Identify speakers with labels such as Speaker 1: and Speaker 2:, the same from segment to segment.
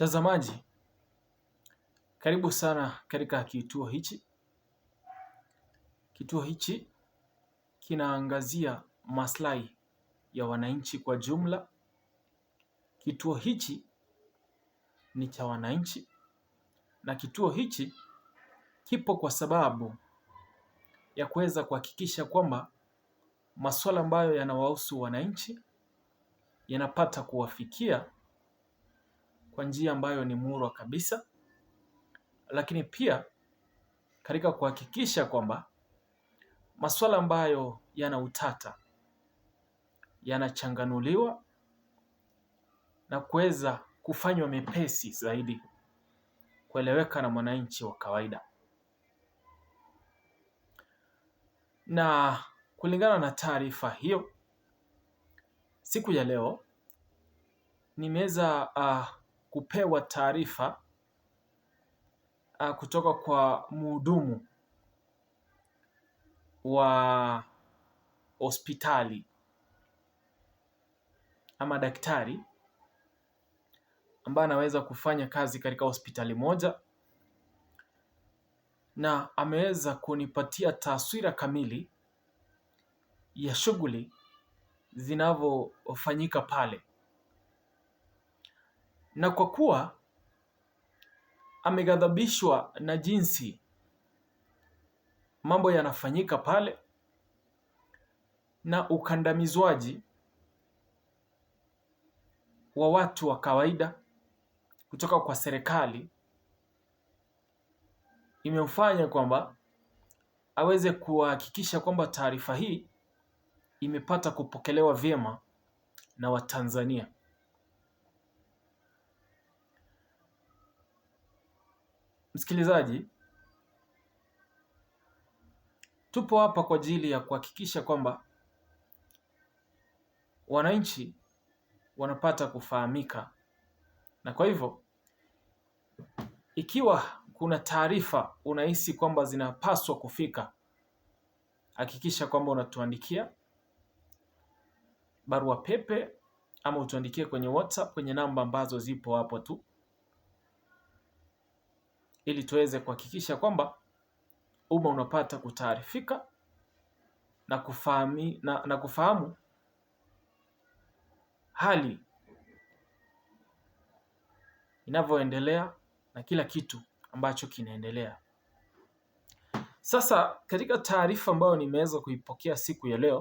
Speaker 1: Mtazamaji, karibu sana katika kituo hichi. Kituo hichi kinaangazia maslahi ya wananchi kwa jumla. Kituo hichi ni cha wananchi na kituo hichi kipo kwa sababu ya kuweza kuhakikisha kwamba masuala ambayo yanawahusu wananchi yanapata kuwafikia kwa njia ambayo ni murwa kabisa, lakini pia katika kuhakikisha kwamba masuala ambayo yana utata yanachanganuliwa na kuweza kufanywa mepesi zaidi kueleweka na mwananchi wa kawaida. Na kulingana na taarifa hiyo, siku ya leo nimeweza uh, kupewa taarifa uh, kutoka kwa mhudumu wa hospitali ama daktari ambaye anaweza kufanya kazi katika hospitali moja na ameweza kunipatia taswira kamili ya shughuli zinavyofanyika pale na kwa kuwa ameghadhabishwa na jinsi mambo yanafanyika pale na ukandamizwaji wa watu wa kawaida kutoka kwa serikali imemfanya kwamba aweze kuhakikisha kwamba taarifa hii imepata kupokelewa vyema na Watanzania. Msikilizaji, tupo hapa kwa ajili ya kuhakikisha kwamba wananchi wanapata kufahamika, na kwa hivyo ikiwa kuna taarifa unahisi kwamba zinapaswa kufika, hakikisha kwamba unatuandikia barua pepe ama utuandikie kwenye WhatsApp kwenye namba ambazo zipo hapo tu ili tuweze kuhakikisha kwamba umma unapata kutaarifika na, kufahami, na, na kufahamu hali inavyoendelea na kila kitu ambacho kinaendelea. Sasa katika taarifa ambayo nimeweza kuipokea siku ya leo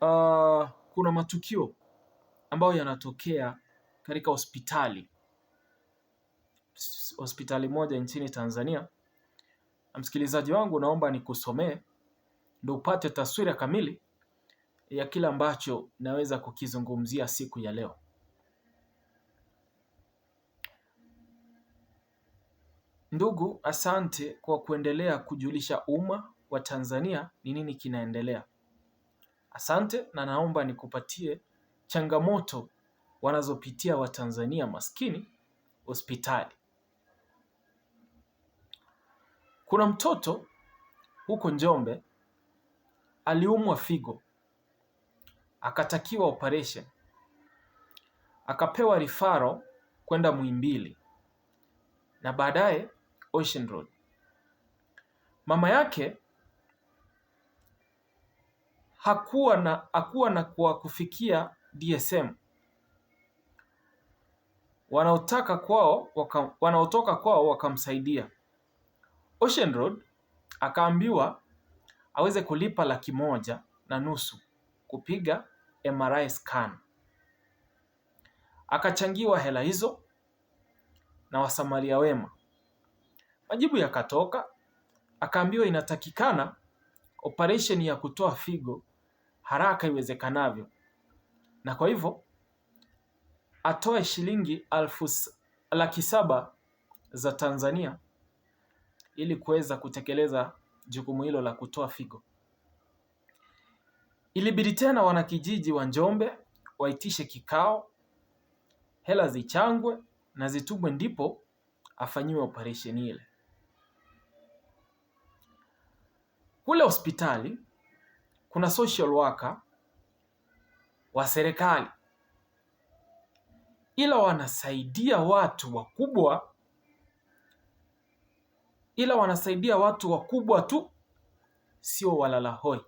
Speaker 1: uh, kuna matukio ambayo yanatokea katika hospitali hospitali moja nchini Tanzania. msikilizaji wangu, naomba nikusomee ndio upate taswira kamili ya kila ambacho naweza kukizungumzia siku ya leo. Ndugu, asante kwa kuendelea kujulisha umma wa Tanzania ni nini kinaendelea. Asante na naomba nikupatie changamoto wanazopitia Watanzania maskini hospitali. Kuna mtoto huko Njombe aliumwa figo, akatakiwa operation, akapewa rifaro kwenda Muhimbili na baadaye Ocean Road. Mama yake hakuwa na hakuwa na kwa kufikia DSM wanaotaka kwao waka, wanaotoka kwao wakamsaidia Ocean Road akaambiwa aweze kulipa laki moja na nusu kupiga MRI scan. Akachangiwa hela hizo na wasamaria wema. Majibu yakatoka, akaambiwa inatakikana operesheni ya kutoa figo haraka iwezekanavyo, na kwa hivyo atoe shilingi alfu laki saba za Tanzania ili kuweza kutekeleza jukumu hilo la kutoa figo. Ilibidi tena wanakijiji wa Njombe waitishe kikao, hela zichangwe na zitumwe, ndipo afanyiwe operesheni ile. Kule hospitali kuna social worker wa serikali, ila wanasaidia watu wakubwa ila wanasaidia watu wakubwa tu, sio walala hoi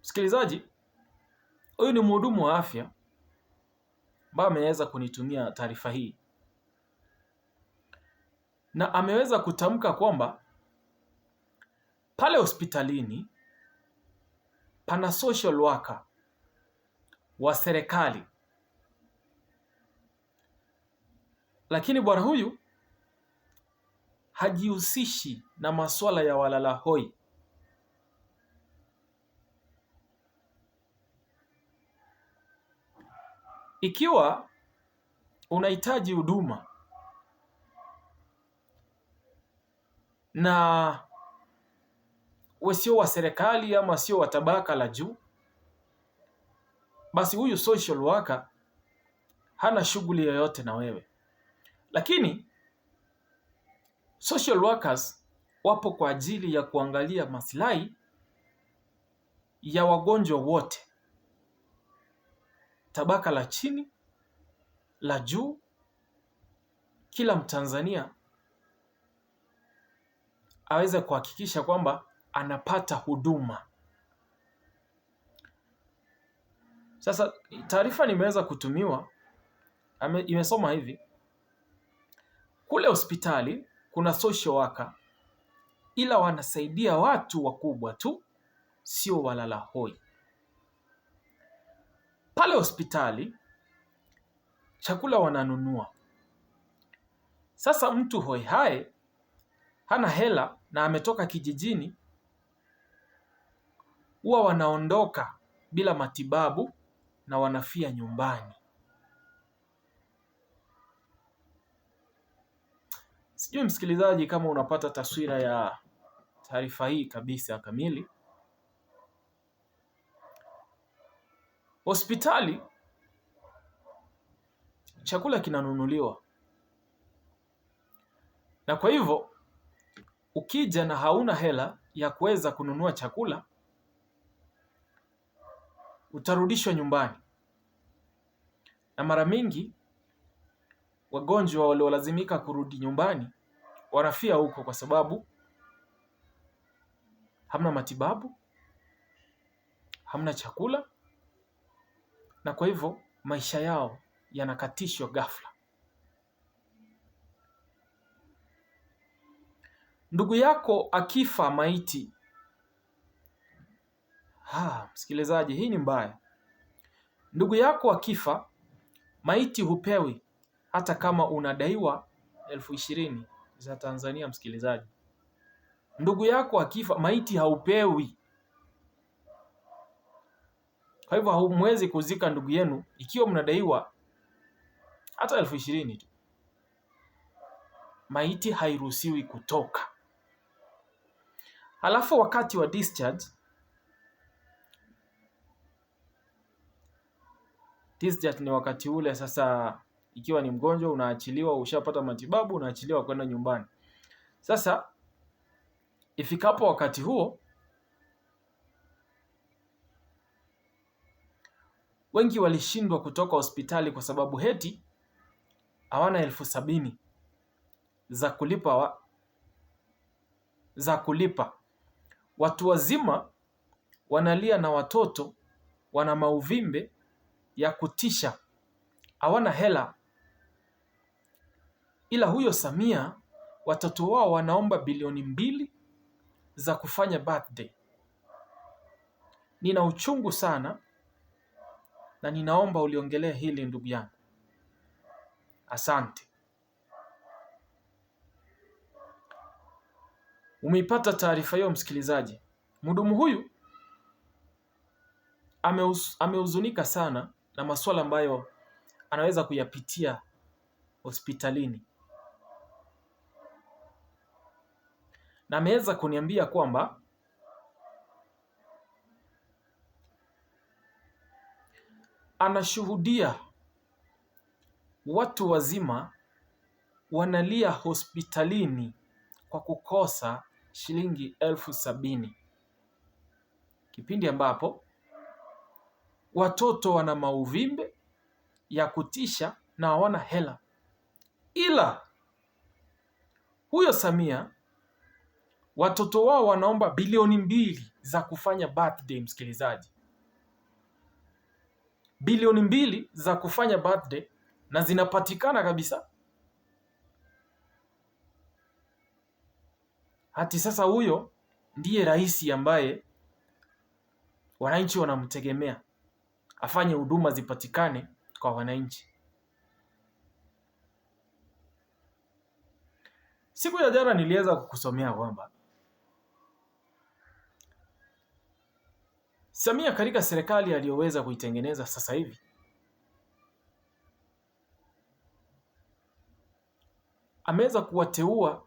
Speaker 1: Msikilizaji, huyu ni mhudumu wa afya ambaye ameweza kunitumia taarifa hii na ameweza kutamka kwamba pale hospitalini pana social worker wa serikali Lakini bwana huyu hajihusishi na masuala ya walala hoi. Ikiwa unahitaji huduma na we sio wa serikali ama sio wa tabaka la juu, basi huyu social worker hana shughuli yoyote na wewe. Lakini social workers wapo kwa ajili ya kuangalia maslahi ya wagonjwa wote, tabaka la chini, la juu, kila Mtanzania aweze kuhakikisha kwamba anapata huduma. Sasa taarifa nimeweza kutumiwa imesoma hivi: kule hospitali kuna social worker, ila wanasaidia watu wakubwa tu, sio walala hoi. Pale hospitali chakula wananunua. Sasa mtu hoi hai hana hela na ametoka kijijini, huwa wanaondoka bila matibabu na wanafia nyumbani. Sijui msikilizaji kama unapata taswira ya taarifa hii kabisa kamili. Hospitali chakula kinanunuliwa, na kwa hivyo ukija na hauna hela ya kuweza kununua chakula utarudishwa nyumbani, na mara mingi wagonjwa waliolazimika kurudi nyumbani wanafia huko kwa sababu hamna matibabu, hamna chakula, na kwa hivyo maisha yao yanakatishwa ghafla. Ndugu yako akifa maiti. Ha, msikilizaji, hii ni mbaya. Ndugu yako akifa maiti hupewi hata kama unadaiwa elfu ishirini za Tanzania. Msikilizaji, ndugu yako akifa, maiti haupewi. Kwa hivyo hamwezi kuzika ndugu yenu ikiwa mnadaiwa hata elfu ishirini tu. Maiti hairuhusiwi kutoka. Halafu wakati wa discharge, discharge ni wakati ule sasa ikiwa ni mgonjwa, unaachiliwa, ushapata matibabu, unaachiliwa kwenda nyumbani. Sasa ifikapo wakati huo, wengi walishindwa kutoka hospitali kwa sababu heti hawana elfu sabini za kulipa wa, za kulipa. Watu wazima wanalia na watoto wana mauvimbe ya kutisha, hawana hela Ila huyo Samia watoto wao wanaomba bilioni mbili za kufanya birthday. Nina uchungu sana na ninaomba uliongelea hili ndugu yangu. Asante. Umeipata taarifa hiyo msikilizaji. Mhudumu huyu amehuzunika sana na masuala ambayo anaweza kuyapitia hospitalini. na ameweza kuniambia kwamba anashuhudia watu wazima wanalia hospitalini kwa kukosa shilingi elfu sabini kipindi ambapo watoto wana mauvimbe ya kutisha na hawana hela, ila huyo Samia watoto wao wanaomba bilioni mbili za kufanya birthday, msikilizaji, bilioni mbili za kufanya birthday na zinapatikana kabisa. Hati sasa, huyo ndiye rais ambaye wananchi wanamtegemea afanye huduma zipatikane kwa wananchi. Siku ya jana niliweza kukusomea kwamba Samia katika serikali aliyoweza kuitengeneza sasa hivi ameweza kuwateua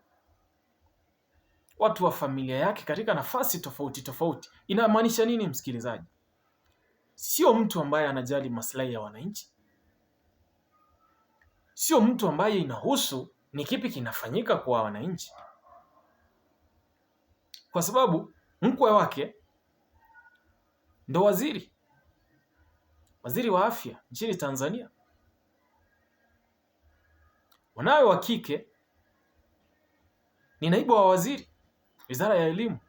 Speaker 1: watu wa familia yake katika nafasi tofauti tofauti. Inamaanisha nini, msikilizaji? Sio mtu ambaye anajali maslahi ya wananchi, sio mtu ambaye inahusu ni kipi kinafanyika kwa wananchi, kwa sababu mkwe wake ndo waziri waziri wa afya nchini Tanzania. Wanawe wa kike ni naibu wa waziri wizara ya elimu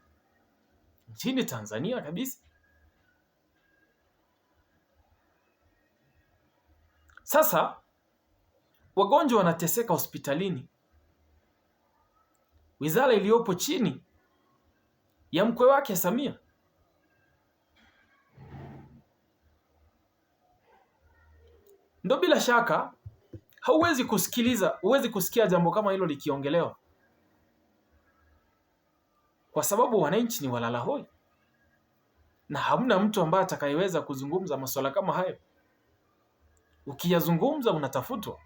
Speaker 1: nchini Tanzania kabisa. Sasa wagonjwa wanateseka hospitalini, wizara iliyopo chini ya mkwe wake Samia ndo bila shaka hauwezi kusikiliza, huwezi kusikia jambo kama hilo likiongelewa, kwa sababu wananchi ni walala hoi na hamna mtu ambaye atakayeweza kuzungumza masuala kama hayo. Ukiyazungumza unatafutwa.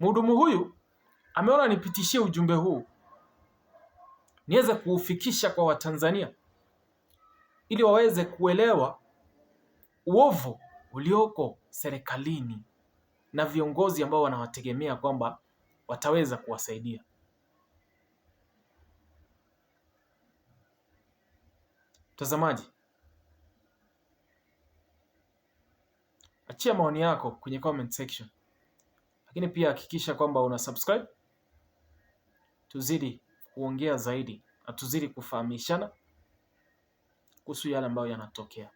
Speaker 1: Mhudumu huyu ameona nipitishie ujumbe huu niweze kuufikisha kwa Watanzania ili waweze kuelewa uovu ulioko serikalini na viongozi ambao wanawategemea kwamba wataweza kuwasaidia. Mtazamaji, achia maoni yako kwenye comment section, lakini pia hakikisha kwamba una subscribe, tuzidi kuongea zaidi na tuzidi kufahamishana kuhusu yale ambayo yanatokea.